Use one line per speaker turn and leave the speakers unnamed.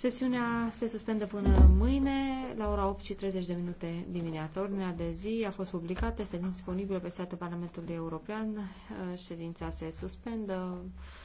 Sesiunea se suspendă până mâine la ora 8 și 30 de minute dimineața. Ordinea de zi a fost publicată, este disponibilă pe site-ul Parlamentului European. Ședința se suspendă.